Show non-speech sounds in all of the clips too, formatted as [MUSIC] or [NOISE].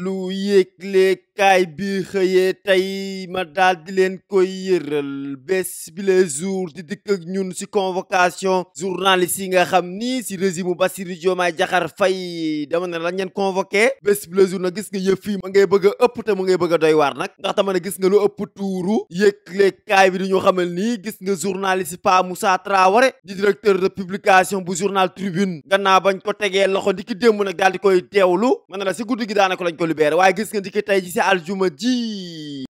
lu yëg-léeg kaay bi xëyee tey ma daal di leen koy yëral bés bi les jours di dikk ak ñun si convocation journaliste yi nga xam ni si régime Bassirou Diomaye Diakhar Faye dama ne la ñeen convoqué bés bi les jours nag gis nga yëf yi ma ngay bëgg ëpp te mu ngay bëgg a doy waar nag ndax dama ne gis nga lu ëpp tuuru yëgle kaay bi dañoo xamal nii gis nga journaliste Pa Moussa Traoré di directeur de publication bu journal Tribune naa bañ ko tegee loxo di ki démb nag daal di koy teewlu ma ne la si guddi gi daanaka ko libéré waaye sa aljuma ji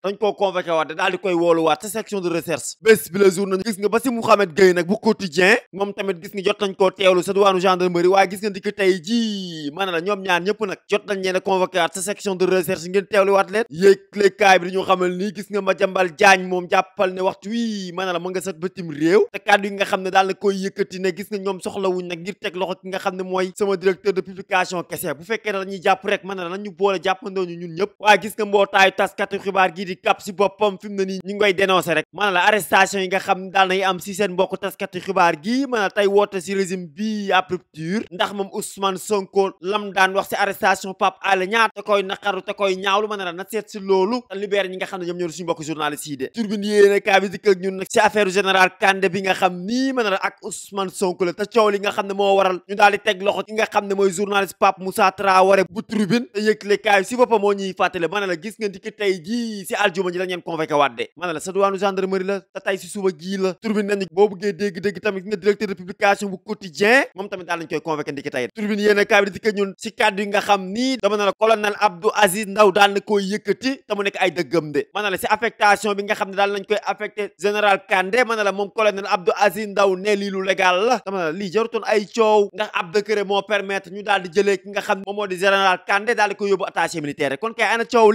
dañ koo convoqué waat da daal di koy wooluwaat sa section de recherche bés bi la journée gis nga ba si Mouhamed Gueye bu quotidien moom tamit gis nga jot nañ koo teewlu sa duwaanu gendarmerie waaye gis nga dikk tey ji maanaam la ñoom ñaar ñëpp nag jot nañ leen a convoqué waat sa section de recherche ngeen teewluwaat leen yéeg bi dañu xamal nii gis nga Madiambal Diagne moom jàppal ne waxtu wi maanaam la ma nga sat bëtim réew te kàddu nga na koy yëkkati xam ne mooy sama directeur de publication kese bu fekkee ne dañuy jàpp rek maanaam la ñu boole que mbootaayu taskatu xibaar gii di kap si boppam fi mu ne nii ñu ngi koy rek maanaam la arrestation yi nga xam daal nay am si seen mbokk taskatu xibaar gii maanaam tey woote si régime bii ab ndax moom Ousmane Sonko lam daan wax si arrestation Pape Alé Niang te koy naqaru te koy ñaawlu mën na na seet si loolu te ñi nga xam ne ñoom ñoo suñu mbokk journaliste yi de turbine yéene kaa bi dikk ak ñun si affaire général Kandé bi nga xam nii mën la gis nga dikk tey jii si aljuma ji dañ leen convoqué waat de ma ne la sa duwaanu la te tey si suba gii la turbine nañu boo bëggee dégg-dégg tamit nga directeur de publication bu quotidien moom tamit daal lañ koy convoqué ndiki tey turbine yéen a kaay bi dikk ñun si si affectation bi nga xam ne daal nañ koy affecté général Kandé ma moom colonel Abdou Aziz Ndaw ne lii lu la dama lii jarutoon ay coow ndax ab décret moo permettre ñu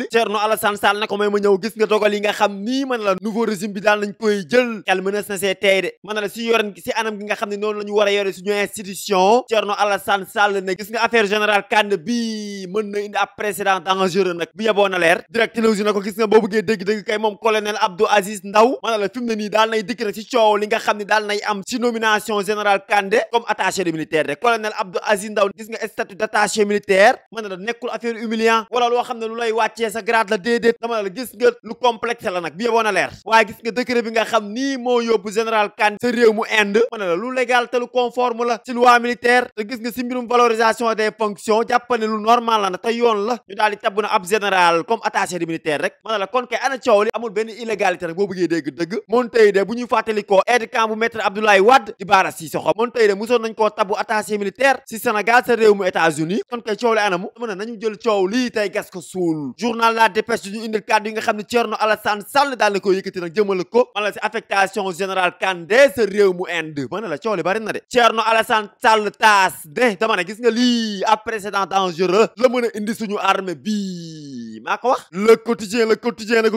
Thierno Alassane Sall na ko may ma ñëw gis nga dogal yi xam nii mën la nouveau régime bi daal nañ koy jël xel mënees na see de mën la si yoren nga xam ne noonu la ñu war a daal nay dikk na si coow li nga xam ne daal nay am si nomination générale Kandé comme attaché de militaire colonel Abdou Aziz Ndaw gis nga statut d' militaire mën la nekkul affaire humiliant wala loo xam ne lu lay wàccee sa grade la déedéet dama la gis nga lu complexe la nag bi yeboon a leer waaye gis nga décret bi nga xam nii moo yóbbu général Kandé sa réew mu Inde ma ne la lu légal te lu conforme la ci loi militaire te gis nga si mbirum valorisation des fonctions jàppane lu normal la na te yoon la ñu daal di na ab général comme attaché de militaire rek ma ne la kon kay ana coow li amul benn illégalité rek boo bëggee dégg dëgg Montey de bu ñu fàttali koo aide camp bu maître dans la dépêche du ñu indil kàddu yi nga xam ne Thierno la si affectation générale Kandé la coow li bari na de la a indi suñu armée ko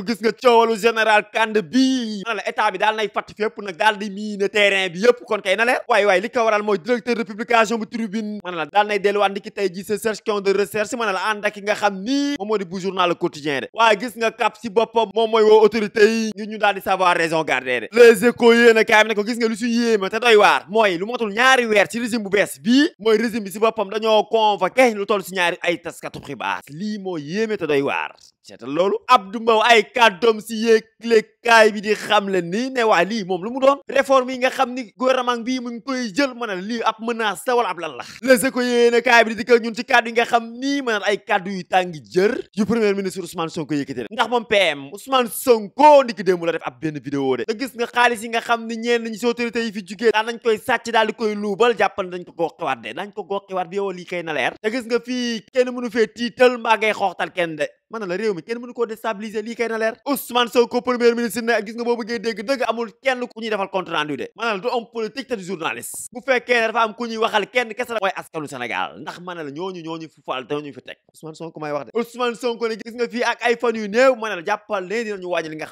gis nga coowalu général Kandé bii ma ne la état bi daal nay fatt fépp nag daal di miine terrain bi yëpp kon kay na leer waay waay li ko mooy directeur de publication tribune ma ne la daal nay delluwaat ndiki tey ji sa section de recherche ma ne la ànd ki nga xam ni moom moo bu journal quotidien de waaye gis nga cap si boppam moom mooy woo autorité yi ngir ñu daal di savoir raison garder de les échos yéen a ko gis nga lu si yéeme te doy waar mooy lu matul ñaari weer ci régime bu bees bii mooy régime bi si boppam dañoo convoqué lu toll si ñaari ay taskatu xibaar lii moo yéeme te doy waar seetal loolu Abdou Mbow ay kàddoom si yéegle kaay bi di xam le nii ne waa lii moom lu mu doon réforme yi nga xam ni gouvernement bii mu ngi koy jël mën a lii ab menace la wala ab lan la Les Échos yéene bi di dikk ñun ci kàddu yi nga xam nii mën ay kaddu yu tàng jër yu premier ministre Ousmane Sonko yëkkati ndax moom PM Ousmane Sonko ndiki démb la def te gis nga xaalis yi nga xam ni ñeen ñi si autorité yi fi jugee daan koy sàcc daal di koy luubal jàppal dañ ko goxiwaat de dañ ko goxiwaat bi yow lii kay na leer gis nga fii kenn mënu fee tiital mbaa ngay xooxtal kenn de ma ne la réew mi kenn mënu koo déstabiliser lii kay na leer Ousmane Sonko premier ministre ne gis nga boo bëggee dégg dëgg amul kenn ku ñuy defal compte rendu du homme am ku ñuy waxal kenn kese la de Ousmane la jàppal ne dinañu wàññi li nga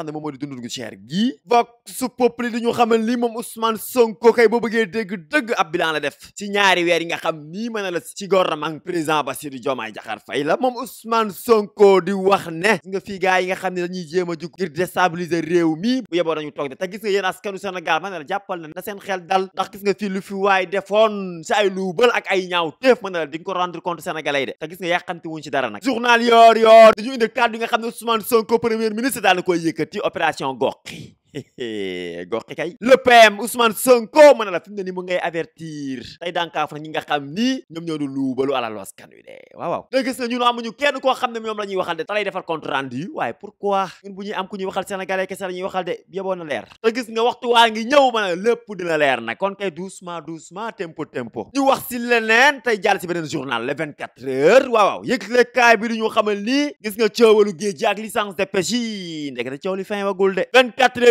xam ne la moom Ousmane Sonko di wax ne nga fii gars nga xam ne dañuy jéem a jug ngir déstabiliser réew mi bu yeboo dañu toog de te gis nga yéen askanu Sénégal man ne la jàppal na seen xel dal ndax gis nga fii lu fi waay defoon si ay luubal ak ay ñaaw téef man na la di ko rendre compte sénégalais de te gis nga yàqante wuñ si dara nag journal yoor yoor dañu indi kàddu yi nga xam ne Ousmane Sonko premier ministre daal na koy yëkkati opération gox [LAUGHS] gox kay le PM Ousmane Sonko mën na la fi mu ne ni mu ngay avertir tey dànkaaf na ñi nga xam ni ñoom ñoo du luubalu alalu askan de waaw waaw te gis na ñun amuñu kenn koo xam ne ñoom la ñuy waxal de te lay defar compte rendu waaye pourquoi ñun bu ñuy am ku ñuy waxal sénégalais kese la ñuy waxal de yeboon na leer te gis waxtu waa ngi ñëw mën na lépp leer nag kon kay doucement doucement tempo tempo ñu wax si leneen tey jàll si beneen journal le 24 heures waaw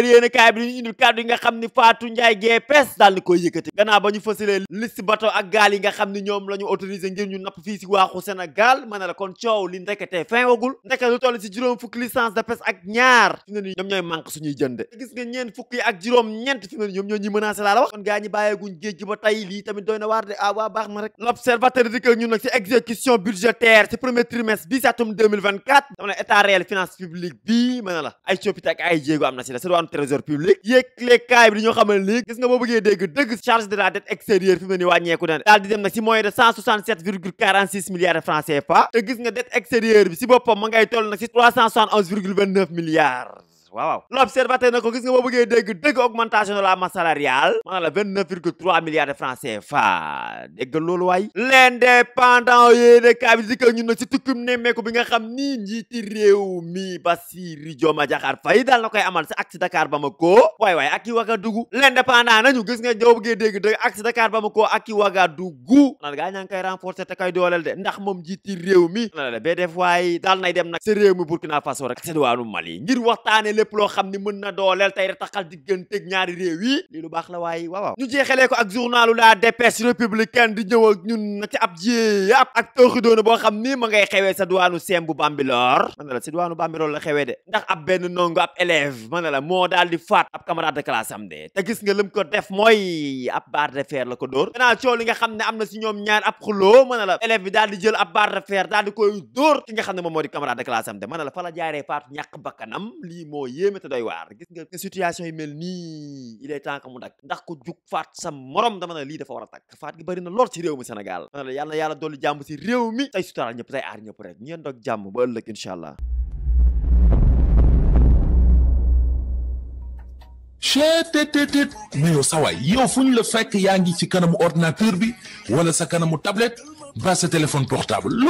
yéen kaay bi dañu indil kàddu yi nga xam ni Fatou Ndiaye GPS daal di koy yëkkati gannaaw ba ñu fësalee liste bateau ak gaal yi nga xam ni ñoom la ñu ngir ñu napp fii si waaxu Sénégal ma la kon coow li ndeketee fin ndekete si juróom fukki licence de pêche ak ñaar fukki ak juróom ñeent fi mu ne ñoom ñoo wax kon gaa ñi bàyyeeguñ ba tey lii tamit doy na waar de ah waa baax na rek l'observateur di ko ñun nag si exécution budgétaire trésor public yéegle kaay bi di ñoo xamal ni gis nga boo bëggee dégg dëgg charge de la dette extérieure fi mu ne nii wàññeeku daal di nag si moyen de 167 virgule 46 milliards de francs CFA te nga dette extérieure bi si boppam ma ngay toll nag si 371 virgule 29 milliards waaw waaw l'observateur na ko gis nga boo bëggee dégg dégg augmentation de la masse salariale maanaam la vingt neuf virgule trois milliards de francs CFA dégg loolu waay l'indépendant yéene kaay bi di ko si tukkum nemmeeku bi nga xam ni njiiti réew mi Bassirou a Diakhar Faye daal na koy amal si ak si Dakar Bamako waay waay ak i Ouagadougou l'indépendant nañu gis nga boo bëggee dégg dégg ak si Dakar Bamako ak i Ouagadougou naan gaa ñaa ngi dooleel de ndax moom njiiti réew mi na la bee def waay daal nay dem nag si réew mi Burkina Faso rek si lépp loo xam ni mën na dooleel tey retaxal digganteeg ñaari réew yi lii lu baax la waaye waaw ñu jeexalee ko ak journalu la dépêche républicaine di ñëw ñun na ci ab jiyee ak tooxi boo xam ni ma ngay xewee sa duwaanu seem bu Bambilor man na la si duwaanu Bambilor la xewee de ndax ab benn ndongo ab élève man na la moo daal di faat ab camarade de classe am de te gis nga lim ko def mooy ab barre de fer la ko dóor gannaaw li nga xam ne am na si ñoom ñaar ab xuloo la élève bi daal di jël ab barre de fer daal di koy ne moo di camarade de classe am de man xaw a yéeme doy waar gis nga situation yi nii il est temps mu dakk ndax ku jug faat sa morom dama ne lii dafa war a takk faat gi bari na lool ci réew mi Sénégal ma ne la yàlla yàlla dolli jàmm si réew mi tey suturaal ñëpp tey aar ñëpp rek ñeen doog jàmm ba ëllëg incha allah chetttt mais yow sa yow fu ñu la fekk yaa ngi ci kanamu ordinateur bi wala sa kanamu tablette ba sa téléphone portable lu